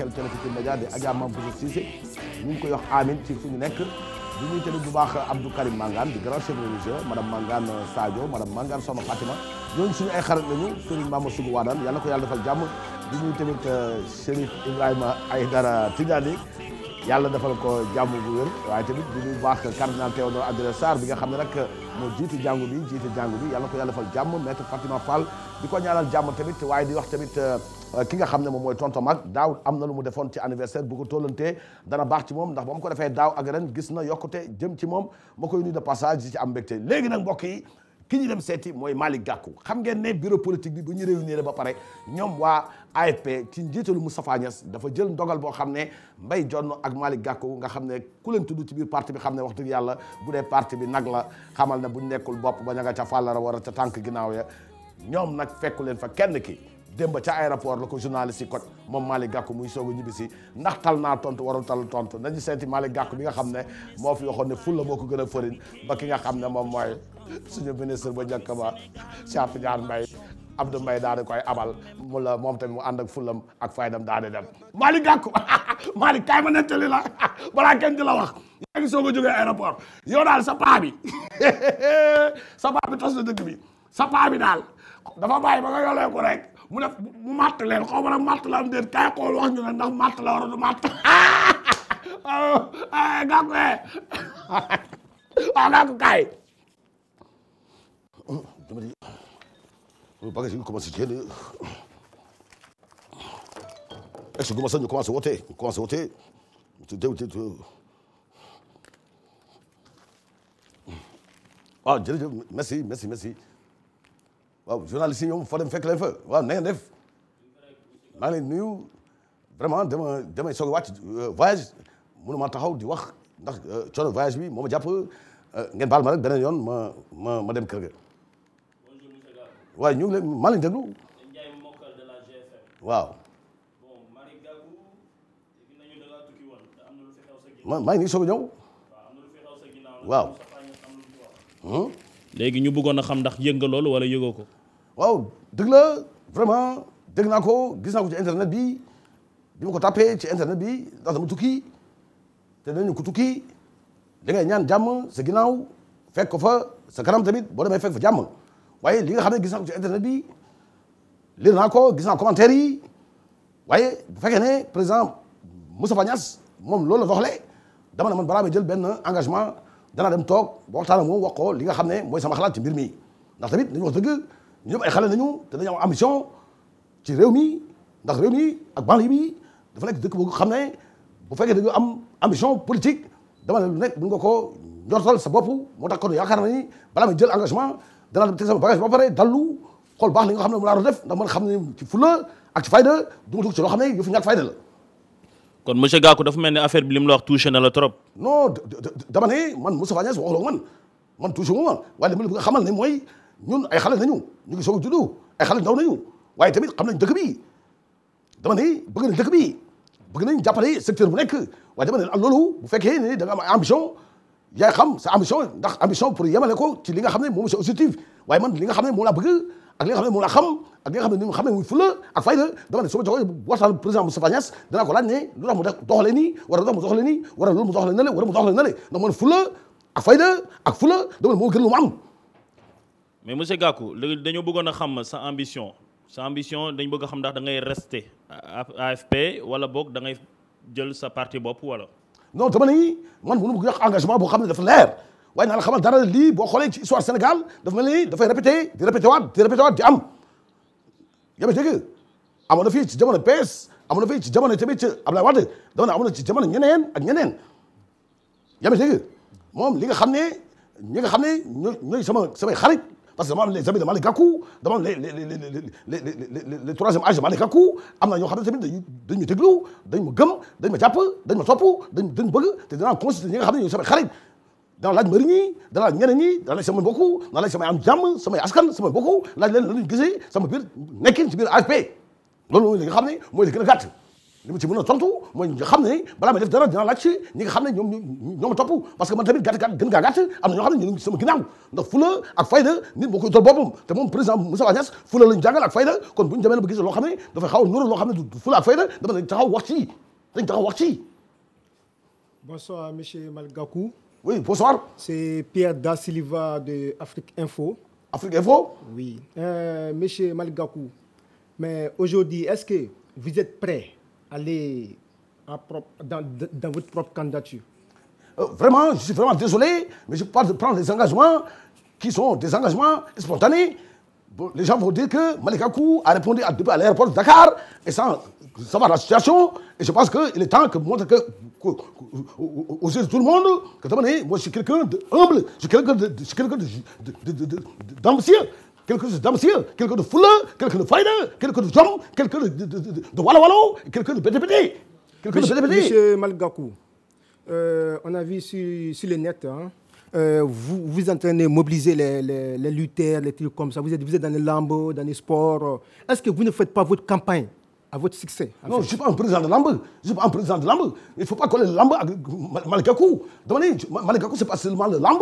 Kër Télé Futurs Médias di Adja Mampouse Cissé ñu ngi koy wax amin ci fu ñu nekk di ñuy tamit bu baax Abdou Karim Mangane di grand chef religieux madame Mangane Sadio madame Mangane Soxna Fatima ñooñu suñu ay xarit lañu sëriñ Mamadou Sougou Wadane yàlla na ko yàlla defal jàmm di ñuy tamit euh, Chérif Ibrahima Aïdara Tidiane yàlla defal ko jàmm bu wér waaye tamit di ñuy baax cardinal Théodore Adrien Sarr bi nga xam ne nag moo jiitu jàngu bi jiitu jàngu bi yàlla na ko yàlla defal jàmm maître Fatima Fall di ko ñaanal jàmm tamit waaye di wax tamit euh, Euh, ki nga xam ne mooy tonton mag daaw am na lu mu defoon ci anniversaire bu ko tollantee dana baax ci moom ndax ba ko defee daaw ak ren gis na yokkute jëm ci moom ma koy nuyu de passage ci am mbégte léegi nag mbokk yi ki ñu dem seeti mooy Malick Gakou xam ngeen ne bureau politique bi bu ñu réunir ba pare ñoom waa AFP ci njiitalu Moustapha Niass dafa jël ndogal boo xam ne Mbaye Dione ak Malick Gakou nga xam ne ku leen tudd ci biir parti bi xam ne wax dëgg yàlla bu dee parti bi nag la xamal na bu ñu nekkul bopp ba ña ca fàllara war a ca tànk ginnaaw ya ñoom nag fekku leen fa kenn ki démb ca aéroport la ko journaliste yi ko moom Malick Gakou muy soog a ñibbi si ndax tal naa tontu warul tal tontu nañu seeti Malick Gakou bi nga xam ne moo fi waxoon ne fulla moo ko gën a fërin ba ki nga xam ne moom mooy suñu ministre ba njëkk ba Cheikh Tidiane Mbaye Abdou Mbaye daal di koy abal mu la moom tamit mu ànd ak fulam ak faydam daal di dem Malick Gakou Malick ma nettali la balaa kenn di la wax yaa ngi soog a jógee aéroport yow daal sa paa bi sa paa bi tas na dëkk bi sa paa bi daal dafa bàyyi ba nga yolee ko rek mu def mu màtt leen xaw la am déet kaay xool wax ñu ne ndax màtt la war a du màtt ah gàkku eh ah gàkku kaay. bagage yi commencé jël est-ce que ñu commencé woote ñu commencé woote ah waaw journaliste yi ñoom fa dem fekk leen fa waaw na ngeen def maa ngi leen nuyu vraiment dama damay soog a wàcc euh, voyage mënuma taxaw di wax ndax euh, coono voyage bi moo ma jàpp euh, ngeen baal ma rek beneen yoon ma ma ma dem kër ga. waaye ñu ngi leen maa leen déglu. waaw. ma maa ngi nii soog a ñëw. waaw. Hmm? léegi ñu bëggoon a xam ndax yëg nga loolu wala yëgoo ko. waaw dëgg la vraiment dégg naa ko gis naa ko ci internet bi bi ma ko tàppee ci internet bi ndax dama tukki te dañu ko tukki da ngay ñaan jàmm sa ginnaaw fekk ko fa sa kanam tamit boo demee fekk fa jàmm waaye li nga xam ne gis naa ko ci internet bi lire naa ko gis naa commentaire yi waaye bu fekkee ne président Moustapha Niass moom loolu la doxalee dama na man balaa may jël benn engagement dana dem toog ba waxtaan ak moom wax ko li nga xam ne mooy sama xalaat ci mbir mi ndax tamit dañu ñëpp ay xale nañu te dañu am ambition ci réew mi ndax réew mi ak banlieue bi dafa nekk dëkk boobu xam ne bu fekkee dañu am ambition politique dama ne lu nekk mën nga ko njortal sa bopp moo tax kon yaakaar na ni balaa may jël engagement dana dem teg sama bagage ba dallu xool baax li nga xam ne mu laa def ndax man xam ne ci fulla ak ci fayda du ma dugg ci loo xam ne yu fi ñàkk fayda la kon monsieur Gakou dafa mel ni affaire bi li la wax touché na la trop non dama ne man Moustapha man man touché mu man waaye li ma la bëgg a mooy ñun ay xale nañu ñu ngi soog a juddu ay xale ndaw nañu waaye tamit xam nañ dëkk bi dama ne bëgg nañ dëkk bi bëgg nañ jàppale secteur bu nekk waaye dama ne loolu bu fekkee ne da nga am ay ambition yaay xam sa ambition ndax ambition pour yemale ko ci li nga xam ne moom sa objectif waaye man li nga xam ne moom laa bëgg ak li nga xam ne moom laa xam ak li xam ne moom xam ne muy fula ak fayda dama ne su ma joxee waxtaan président Moustapha Niass danaa ko laaj ne lu tax mu doxalee nii wala lu tax mu doxalee nii wala loolu mu doxalee na le wala mu doxalee na fula ak fayda ak fula dama ne moo gën lu am mais monsieur Gakou dañoo bëggoon a xam sa ambition sa ambition dañ bëgg xam ndax da ngay rester AFP wala boog da ngay jël sa parti bopp wala. non dama ne man mënu ma boo xam ne dafa leer waaye naa la xamal dara lii boo xoolee ci histoire Sénégal dafa mel dafay répété di répété waat di répété waat di am. yaa ngi dégg fii ci jamono PS amoon na fii ci jamono tamit Abdoulaye Wade dama ne amoon na ci jamono ñeneen ak ñeneen yaa ngi dégg moom li nga xam ne ñi nga xam ne ñooy sama samay parce que dama am les amis de Malick Gakou dama am les les les les les les troisième âge am na ñoo xam ne tamit dañuy dañ ma déglu dañ ma gëm dañ ma jàpp dañ ma topp dañ dañ bëgg te dinaa consulter ñi nga xam ne ñooy samay xarit dana laaj mbëri ñi dana laaj ñeneen ñi dana laaj sama mbokku dana laaj samay am jàmm samay askan samay mbokku laaj leen lan lañu gisee sama biir nekkin ci biir AFP loolu mooy li nga xam ne mooy li gën a li ma ci mën a tontu mooy xam ne balaa may def dara dinaa laaj ci ñi nga xam ne ñoom ñoo ma topp parce que man tamit gàtt gàtt gën gaa gàtt am na ñoo xam ne ñu sama ginnaaw ndax fula ak fayda nit moo koy tol boppam te moom président Moustapha Niasse fula lañu jàngal ak fayda kon bu ñu demee ba gis loo xam ne dafay xaw a nuru loo xam ne du fula ak fayda dama dañ taxaw wax ci dañ taxaw wax ci bonsoir monsieur Malgakou oui bonsoir c'est Pierre Da Silva de Afrique Info Afrique Info oui euh, monsieur Malgakou mais aujourd'hui est-ce que vous êtes prêt aller en propre, dans, dans votre propre candidature euh, Vraiment, je suis vraiment désolé, mais je parle de prendre des engagements qui sont des engagements spontanés. les gens vont dire que Malika a répondu à, l'aéroport de Dakar et sans savoir la situation. Et je pense qu'il est temps que montre que, que, aux yeux de tout le monde que moi je suis quelqu'un de humble, je suis quelqu'un De, de, quelqu'un d'ambitieux, quelqu'un de fouleux, quelqu'un de fayda, quelqu'un de jom, quelqu'un de, de, de, de walo walo, quelqu'un de pété quelqu'un de pété Monsieur Malgakou, euh, on a vu sur, sur le net, hein, euh, vous vous entraînez, mobiliser les, les, les lutteurs, les trucs comme ça, vous êtes, vous êtes dans les lambeaux, dans les sports. Est-ce que vous ne faites pas votre campagne à votre succès. non je suis pas un président de lamb je suis pas président de lamb il faut pas coller lamb ak Malick Gakou dama ne Malick pas le lamb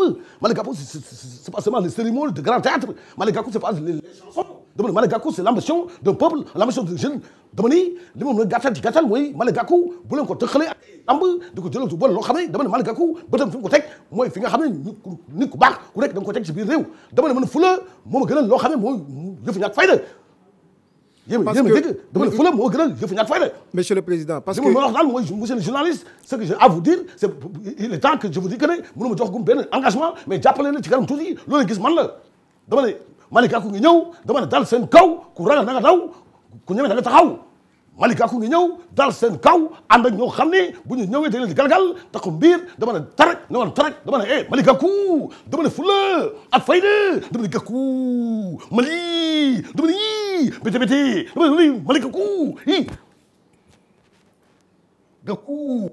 de grand théâtre Malick Gakou c'est pas les chansons dama ne peuple l'ambition des jeunes dama ni li moom la gàttal ci gàttal mooy Malick Gakou bu leen ko tëxalee ak lamb di ko loo xam ne dama ne Malick Gakou bëtam fi mu ko teg mooy fi nga xam ne nit ku baax ku nekk da nga ko teg ci biir a gënal loo xam ne mooy parce que yéen dama fële moo gënal yëfu ñàkk fayda. monsieur le président parce que li ma wax daal mooy monsieur le journaliste ce que j'ai à dire c'est il temps que je vous dis que ne mënuma jox gum benn engagement mais jàppale na ci kanam tuuti loolu gis man la dama ne Malick Gakou ngi ñëw dama ne daal seen kaw ku a na a daw ku ñeme na nga taxaw. Malika ku ngi ñëw dal seen kaw ànd ak ñoo xam ne bu ñu ñëwee dañ leen di galgal taxu mbiir dama ne tarak ne woon tarak dama ne eh Malika fayda dama ne gàkku Mali dama ne yii bété bété dama ne Malika ku yii